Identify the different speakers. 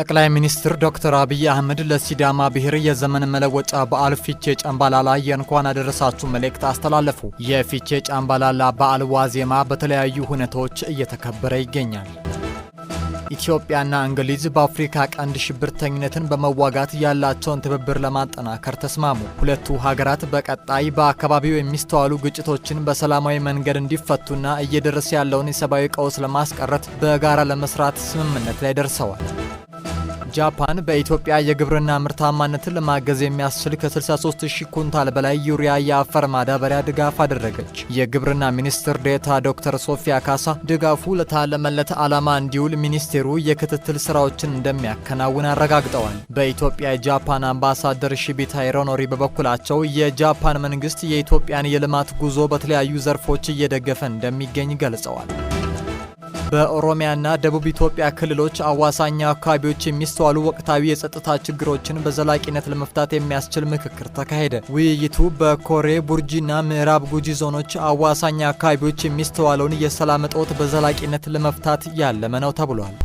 Speaker 1: ጠቅላይ ሚኒስትር ዶክተር አብይ አህመድ ለሲዳማ ብሔር የዘመን መለወጫ በዓል ፊቼ ላይ የእንኳን አደረሳችሁ መልእክት አስተላለፉ። የፊቼ ጫምባላላ በዓል ዋዜማ በተለያዩ ሁኔታዎች እየተከበረ ይገኛል። ኢትዮጵያና እንግሊዝ በአፍሪካ ቀንድ ሽብርተኝነትን በመዋጋት ያላቸውን ትብብር ለማጠናከር ተስማሙ። ሁለቱ ሀገራት በቀጣይ በአካባቢው የሚስተዋሉ ግጭቶችን በሰላማዊ መንገድ እንዲፈቱና እየደረሰ ያለውን የሰብአዊ ቀውስ ለማስቀረት በጋራ ለመስራት ስምምነት ላይ ደርሰዋል። ጃፓን በኢትዮጵያ የግብርና ምርታማነትን ለማገዝ የሚያስችል ከ63 ሺህ ኩንታል በላይ ዩሪያ የአፈር ማዳበሪያ ድጋፍ አደረገች። የግብርና ሚኒስትር ዴታ ዶክተር ሶፊያ ካሳ ድጋፉ ለታለመለት ዓላማ እንዲውል ሚኒስቴሩ የክትትል ስራዎችን እንደሚያከናውን አረጋግጠዋል። በኢትዮጵያ የጃፓን አምባሳደር ሺቢታ ሂሮኖሪ በበኩላቸው የጃፓን መንግስት የኢትዮጵያን የልማት ጉዞ በተለያዩ ዘርፎች እየደገፈ እንደሚገኝ ገልጸዋል። በኦሮሚያና ደቡብ ኢትዮጵያ ክልሎች አዋሳኛ አካባቢዎች የሚስተዋሉ ወቅታዊ የጸጥታ ችግሮችን በዘላቂነት ለመፍታት የሚያስችል ምክክር ተካሄደ። ውይይቱ በኮሬ ቡርጂና ምዕራብ ጉጂ ዞኖች አዋሳኛ አካባቢዎች የሚስተዋለውን የሰላም እጦት በዘላቂነት ለመፍታት ያለመ ነው ተብሏል።